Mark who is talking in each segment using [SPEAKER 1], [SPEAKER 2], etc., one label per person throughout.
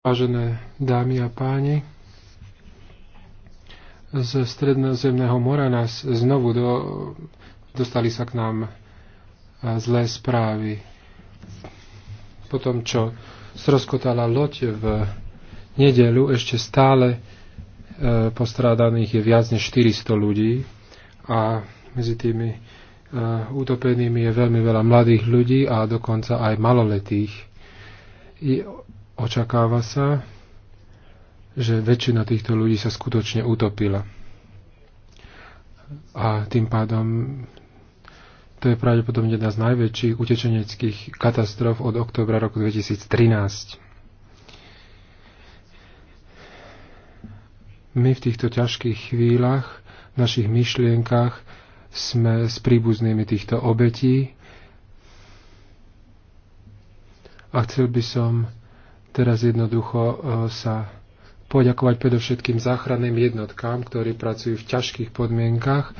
[SPEAKER 1] Vážené dámy a páni, z Strednozemného mora nás znovu do, dostali sa k nám zlé správy. Po tom, čo sroskotala loď v nedelu, ešte stále e, postrádaných je viac než 400 ľudí a medzi tými e, utopenými je veľmi veľa mladých ľudí a dokonca aj maloletých Očakáva sa, že väčšina týchto ľudí sa skutočne utopila. A tým pádom to je pravdepodobne jedna z najväčších utečeneckých katastrof od oktobra roku 2013. My v týchto ťažkých chvíľach, v našich myšlienkach sme s príbuznými týchto obetí a chcel by som teraz jednoducho e, sa poďakovať predovšetkým záchranným jednotkám, ktorí pracujú v ťažkých podmienkach,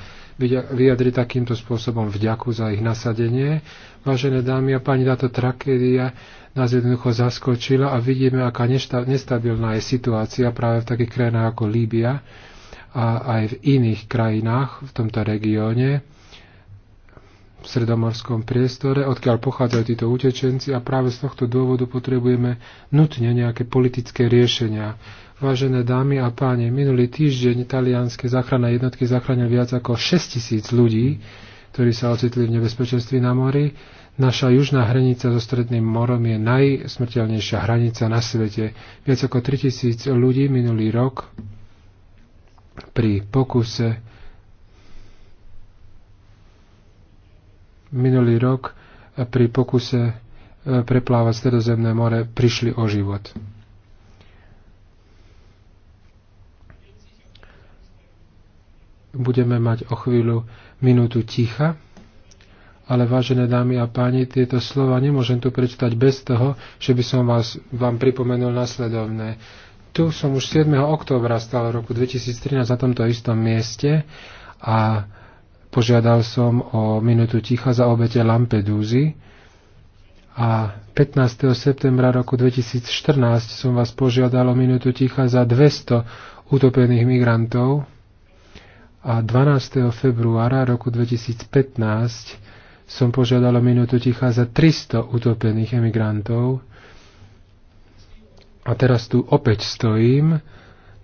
[SPEAKER 1] vyjadriť takýmto spôsobom vďaku za ich nasadenie. Vážené dámy a páni, táto tragédia nás jednoducho zaskočila a vidíme, aká nestabilná je situácia práve v takých krajinách ako Líbia a aj v iných krajinách v tomto regióne v stredomorskom priestore, odkiaľ pochádzajú títo utečenci a práve z tohto dôvodu potrebujeme nutne nejaké politické riešenia. Vážené dámy a páni, minulý týždeň talianské záchranné jednotky zachránili viac ako 6 tisíc ľudí, ktorí sa ocitli v nebezpečenství na mori. Naša južná hranica so Stredným morom je najsmrteľnejšia hranica na svete. Viac ako 3000 ľudí minulý rok pri pokuse minulý rok pri pokuse e, preplávať Stredozemné more prišli o život. Budeme mať o chvíľu minútu ticha, ale vážené dámy a páni, tieto slova nemôžem tu prečítať bez toho, že by som vás, vám pripomenul nasledovné. Tu som už 7. októbra stále roku 2013 na tomto istom mieste a Požiadal som o minutu ticha za obete Lampedúzy a 15. septembra roku 2014 som vás požiadal o minutu ticha za 200 utopených migrantov a 12. februára roku 2015 som požiadal o minútu ticha za 300 utopených emigrantov. A teraz tu opäť stojím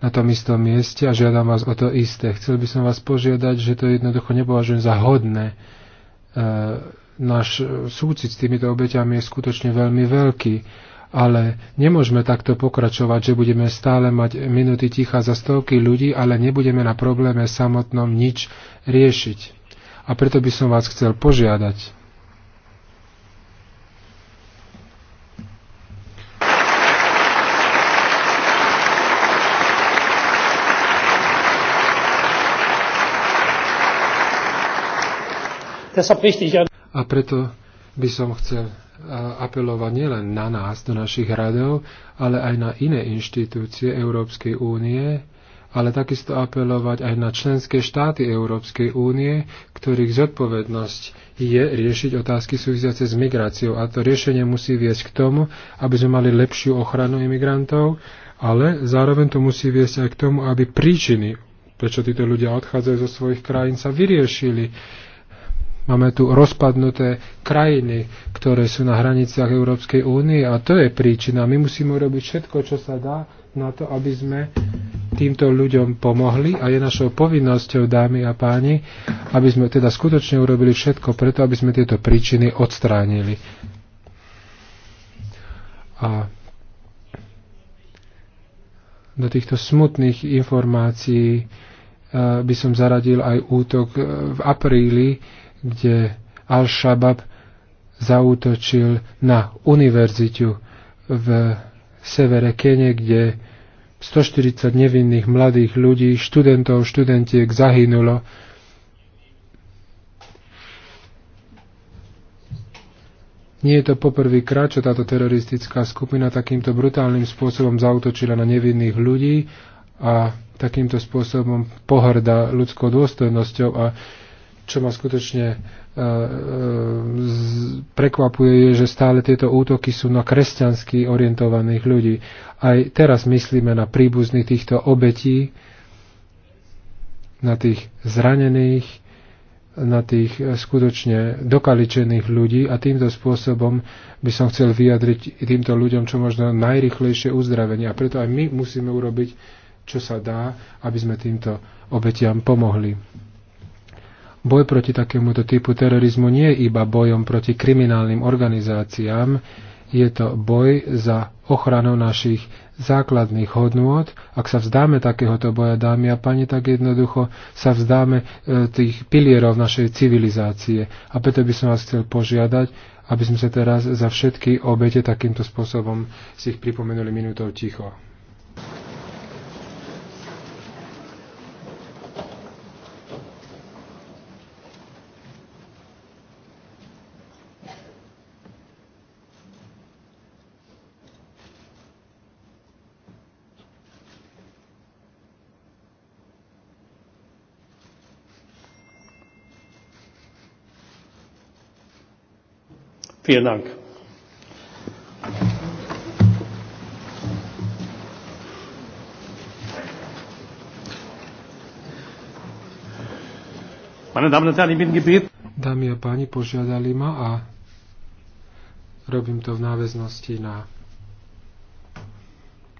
[SPEAKER 1] na tom istom mieste a žiadam vás o to isté. Chcel by som vás požiadať, že to jednoducho nepovažujem za hodné. E, náš súcit s týmito obeťami je skutočne veľmi veľký, ale nemôžeme takto pokračovať, že budeme stále mať minuty ticha za stovky ľudí, ale nebudeme na probléme samotnom nič riešiť. A preto by som vás chcel požiadať, A preto by som chcel apelovať nielen na nás, do našich radov, ale aj na iné inštitúcie Európskej únie, ale takisto apelovať aj na členské štáty Európskej únie, ktorých zodpovednosť je riešiť otázky súvisiace s migráciou. A to riešenie musí viesť k tomu, aby sme mali lepšiu ochranu imigrantov, ale zároveň to musí viesť aj k tomu, aby príčiny, prečo títo ľudia odchádzajú zo svojich krajín, sa vyriešili Máme tu rozpadnuté krajiny, ktoré sú na hraniciach Európskej únie a to je príčina. My musíme urobiť všetko, čo sa dá na to, aby sme týmto ľuďom pomohli a je našou povinnosťou, dámy a páni, aby sme teda skutočne urobili všetko preto, aby sme tieto príčiny odstránili. A do týchto smutných informácií eh, by som zaradil aj útok eh, v apríli kde Al-Shabaab zautočil na univerzitu v severe Kene, kde 140 nevinných mladých ľudí, študentov, študentiek zahynulo. Nie je to poprvý krát, čo táto teroristická skupina takýmto brutálnym spôsobom zautočila na nevinných ľudí a takýmto spôsobom pohrda ľudskou dôstojnosťou a čo ma skutočne e, e, prekvapuje, je, že stále tieto útoky sú na kresťansky orientovaných ľudí. Aj teraz myslíme na príbuzných týchto obetí, na tých zranených, na tých e, skutočne dokaličených ľudí a týmto spôsobom by som chcel vyjadriť týmto ľuďom čo možno najrychlejšie uzdravenie. A preto aj my musíme urobiť, čo sa dá, aby sme týmto obetiam pomohli. Boj proti takémuto typu terorizmu nie je iba bojom proti kriminálnym organizáciám, je to boj za ochranu našich základných hodnôt. Ak sa vzdáme takéhoto boja, dámy a pani, tak jednoducho sa vzdáme e, tých pilierov našej civilizácie. A preto by som vás chcel požiadať, aby sme sa teraz za všetky obete takýmto spôsobom si ich pripomenuli minútou ticho. vielen dank! Dámy a páni, požiadali ma a robím to v náväznosti na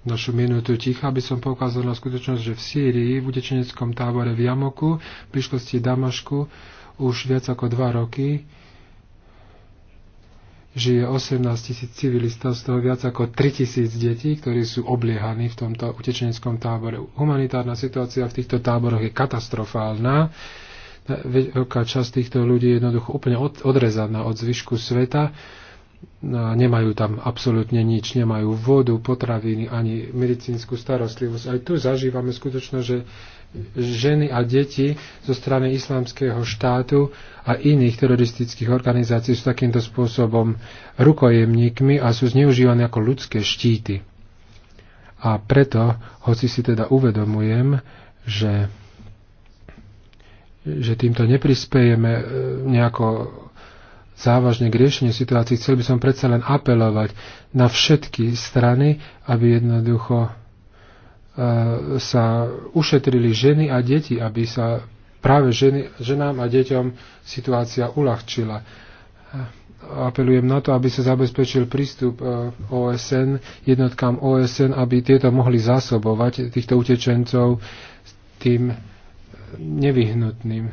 [SPEAKER 1] našu minútu ticha, aby som poukázal na skutočnosť, že v Sýrii, v utečeneckom tábore v Jamoku, v blízkosti Damašku, už viac ako dva roky žije 18 tisíc civilistov, z toho viac ako 3 tisíc detí, ktorí sú obliehaní v tomto utečeneckom tábore. Humanitárna situácia v týchto táboroch je katastrofálna. Veľká časť týchto ľudí je jednoducho úplne odrezaná od zvyšku sveta. Nemajú tam absolútne nič, nemajú vodu, potraviny ani medicínsku starostlivosť. Aj tu zažívame skutočno, že ženy a deti zo strany islamského štátu a iných teroristických organizácií sú takýmto spôsobom rukojemníkmi a sú zneužívané ako ľudské štíty. A preto, hoci si teda uvedomujem, že, že týmto neprispejeme e, nejako závažne k riešeniu situácií, chcel by som predsa len apelovať na všetky strany, aby jednoducho E, sa ušetrili ženy a deti, aby sa práve ženy, ženám a deťom situácia uľahčila. Apelujem na to, aby sa zabezpečil prístup e, OSN, jednotkám OSN, aby tieto mohli zásobovať týchto utečencov tým nevyhnutným.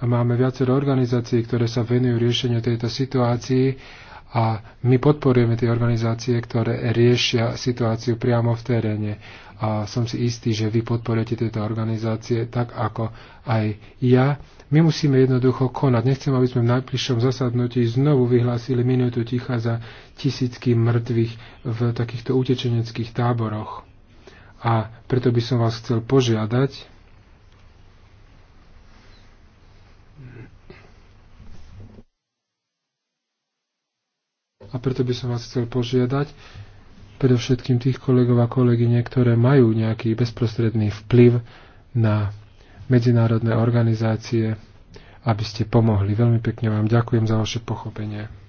[SPEAKER 1] A máme viacero organizácií, ktoré sa venujú riešeniu tejto situácii a my podporujeme tie organizácie, ktoré riešia situáciu priamo v teréne. A som si istý, že vy podporujete tieto organizácie tak ako aj ja. My musíme jednoducho konať. Nechcem, aby sme v najbližšom zasadnutí znovu vyhlásili minútu ticha za tisícky mŕtvych v takýchto utečeneckých táboroch. A preto by som vás chcel požiadať, A preto by som vás chcel požiadať, predovšetkým tých kolegov a kolegyne, ktoré majú nejaký bezprostredný vplyv na medzinárodné organizácie, aby ste pomohli. Veľmi pekne vám ďakujem za vaše pochopenie.